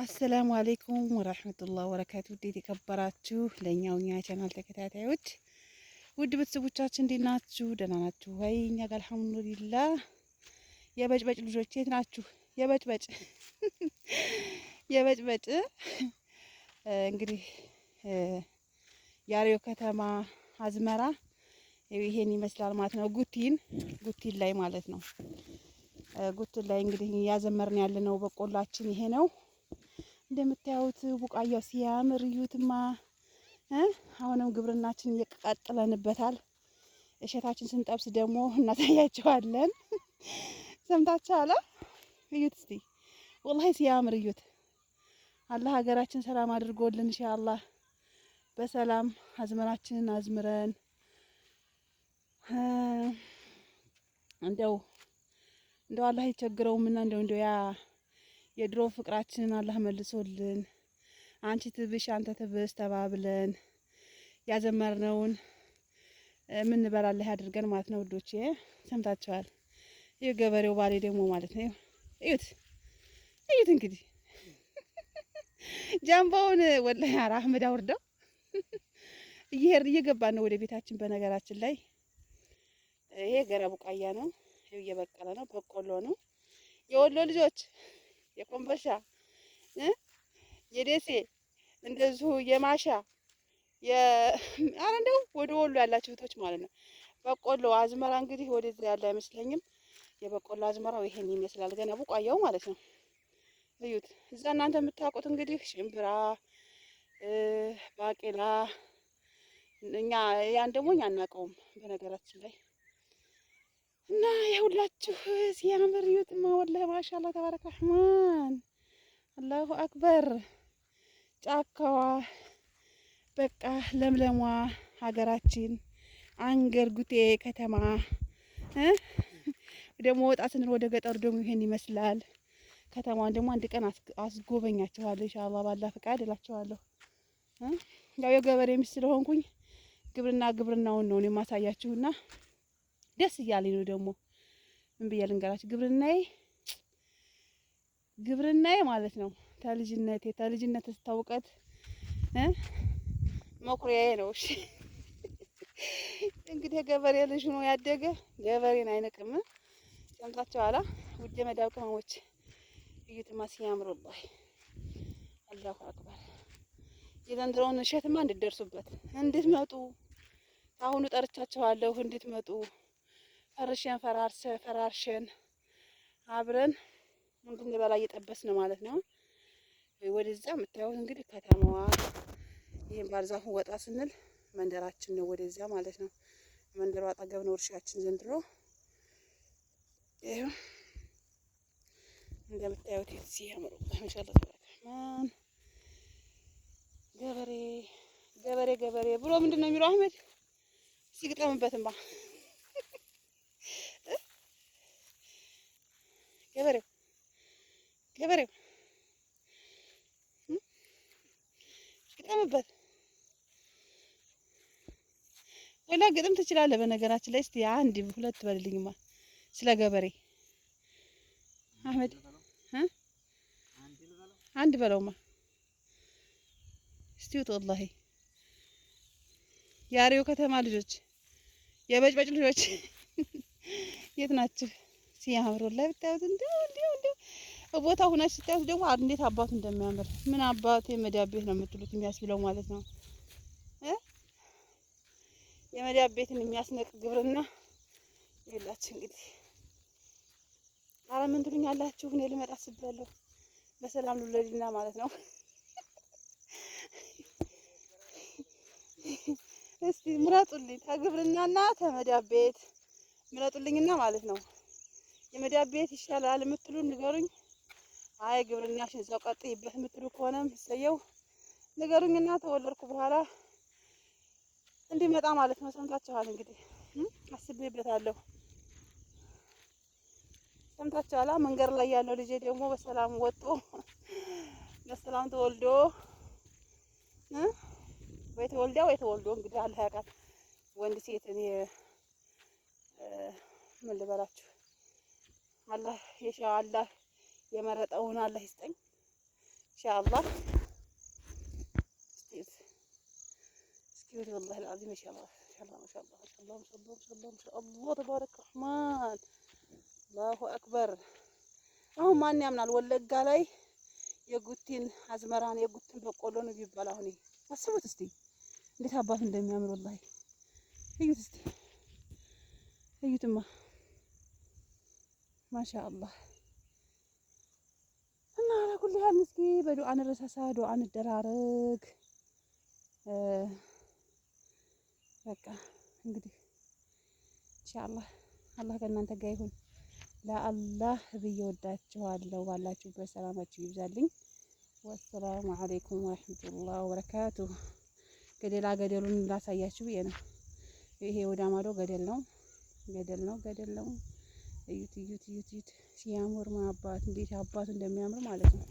አሰላሙ አሌይኩም ወራህመቱላህ ወበረካቱ። ውዴት የከበራችሁ ለእኛውኛ ቻናል ተከታታዮች ውድ ቤተሰቦቻችን እንዴት ናችሁ? ደህና ናችሁ ወይ? እኛ ጋር አልሐምዱሊላ። የበጭበጭ ልጆች የት ናችሁ? የበጭበጭ የበጭበጭ እንግዲህ የአርዮ ከተማ አዝመራ ይሄን ይመስላል ማለት ነው። ጉቲን ጉቲን ላይ ማለት ነው። ጉቲን ላይ እንግዲህ እያዘመርን ያለነው በቆላችን ይሄ ነው። እንደምታዩት ቡቃያው ሲያምር እዩትማ። አሁንም ግብርናችን እየቀጠለንበታል። እሸታችን ስንጠብስ ደግሞ እናሳያቸዋለን። አለ እዩት እስቲ ወላሂ ሲያምር እዩት። አላህ ሀገራችን ሰላም አድርጎልን ኢንሻአላህ በሰላም አዝመራችንን አዝምረን እንደው እንደው አላህ አይቸግረውምና እንደው እንደው ያ የድሮ ፍቅራችንን አላህ መልሶልን አንቺ ትብሽ አንተ ትብስ ተባብለን ያዘመርነውን የምንበላልህ አድርገን ማለት ነው ውዶቼ። ሰምታችኋል። ይህ ገበሬው ባሌ ደግሞ ማለት ነው እዩት እዩት እንግዲህ ጃምባውን ወላሂ ኧረ አህመድ አውርደው እየሄድን እየገባን ነው ወደ ቤታችን። በነገራችን ላይ ይሄ ገረቡ ቃያ ነው፣ እየበቀለ ነው፣ በቆሎ ነው። የወሎ ልጆች የኮንበሻ የደሴ እንደዚሁ የማሻ አረ እንደው ወደ ወሎ ያላችሁ እህቶች ማለት ነው። በቆሎ አዝመራ እንግዲህ ወደዚህ ያለ አይመስለኝም። የበቆሎ አዝመራው ይሄን ይመስላል ገና ቡቃያው ማለት ነው። እዩት። እዛ እናንተ የምታውቁት እንግዲህ ሽምብራ፣ ባቄላ እኛ ያን ደግሞ እኛ አናውቀውም በነገራችን ላይ እና የሁላችሁ ሲያምር ዩትማ ወላሂ ማሻአላ ተባረከ ረህማን አላሁ አክበር። ጫካዋ በቃ ለምለሟ ሀገራችን አንገር አንገርጉቴ ከተማ ደግሞ ወጣ ስንል ወደ ገጠሩ ደግሞ ይሄን ይመስላል። ከተማዋን ደግሞ አንድ ቀን አስጎበኛችኋለሁ ኢንሻአላህ ባላ ፈቃድ እላችኋለሁ። ያው የገበሬ ሚስት ስለሆንኩኝ ግብርና ግብርናውን ነው የማሳያችሁና ደስ እያለኝ ነው። ደግሞ ምን ብዬ ልንገራችሁ፣ ግብርናዬ ግብርናዬ ማለት ነው ተልጅነቴ ተልጅነት ስታውቀት መኩሪያዬ ነው። እሺ እንግዲህ ገበሬ ልጅ ሆኖ ያደገ ገበሬን አይነቅም። ሰምታችሁ አላ ውጀ መዳብ ቅመሞች እዩትማ ሲያምሩባይ አላሁ አክበር። የዘንድሮውን እሸትማ እንድትደርሱበት እንድትመጡ አሁኑ ጠርቻችኋለሁ እንድትመጡ ፈርሸን ፈራርሰ ፈራርሸን አብረን በላይ እየጠበስ ነው ማለት ነው። ወደዛ የምታዩት እንግዲህ ከተማዋ ይህን ባርዛፉ ወጣ ስንል መንደራችን ነው። ወደዛ ማለት ነው መንደሩ አጠገብ ነው እርሻችን ዘንድሮ። ይኸው እንደምታዩት እዚህ ያምሩ ገበሬ ገበሬ ገበሬ ብሎ ምንድን ነው የሚለው አህመድ ሲግጠምበትም ገበሬው ገበሬው ግጠምበት። ወላ ግጥም ትችላለህ። በነገራችን ላይ እስቲ አንድ ሁለት በልልኝማ ስለ ገበሬ አህመድ አንድ በለውማ እስቲ ውጥ ወላሂ የአርዮ ከተማ ልጆች የበጭበጭ ልጆች የት ናችሁ? ሲያምሩ ላይ እንዴ እንዴ እንዴ ቦታ ሁናች ስታዩት ደግሞ እንዴት አባቱ እንደሚያምር ምን አባቱ የመዳ ቤት ነው የምትሉት የሚያስብለው ማለት ነው። የመዳ ቤትን የሚያስነቅ ግብርና የላችሁ እንግዲህ። ኧረ ምን አላችሁ? እኔ ልመጣ ስብላለሁ። በሰላም ልውለድና ማለት ነው። እስቲ ምረጡልኝ፣ ከግብርናና ተመዳ ቤት ምረጡልኝና ማለት ነው። የመዳብ ቤት ይሻላል የምትሉ ንገሩኝ። አይ ግብርናሽን እዛው ቀጥይበት የምትሉ ከሆነም እሰየው ንገሩኝ እና ተወለድኩ በኋላ እንዲመጣ ማለት ነው። ሰምታችኋል እንግዲህ አስቤበታለሁ። ሰምታችኋላ። መንገድ ላይ ያለው ልጄ ደግሞ በሰላም ወጦ በሰላም ተወልዶ ወይ ተወልዳ ወይ ተወልዶ እንግዲህ አለ ያውቃል ወንድ ሴት እኔ ምን ልበላችሁ አላህ የሻ አላህ የመረጠውን አላህ ይስጠኝ። ኢንሻአላህ እስቲ እስኪ والله العظيم ኢንሻአላህ ኢንሻአላህ ኢንሻአላህ ረህማን አላሁ አክበር። አሁን ማን ያምናል? ወለጋ ላይ የጉቲን አዝመራን የጉቲን በቆሎ ነው ቢባል አሁን አስቡት እስቲ እንዴት አባት እንደሚያምር ወላሂ እዩት እስቲ እዩትማ ማሻአላህ እና ለኩል ያህል እስኪ በዱዓ እንረሳሳ፣ ዱዓ እንደራረግ። በቃ እንግዲህ ኢንሻአላህ አላህ ከእናንተ ጋር ይሁን። ለአላህ ብዬ ወዳችኋለሁ። ባላችሁበት ሰላማችሁ ይብዛልኝ። ወሰላሙ አለይኩም ወረህመቱላህ ወበረካቱ። ገደላ ገደሉን ላሳያችሁ ብዬ ነው። ይሄ ወደ ማዶ ገደል ነው፣ ገደል ነው፣ ገደል ነው። እዩት እዩት እዩት እዩት ሲያምር አባት እንዴት አባቱ እንደሚያምር ማለት ነው።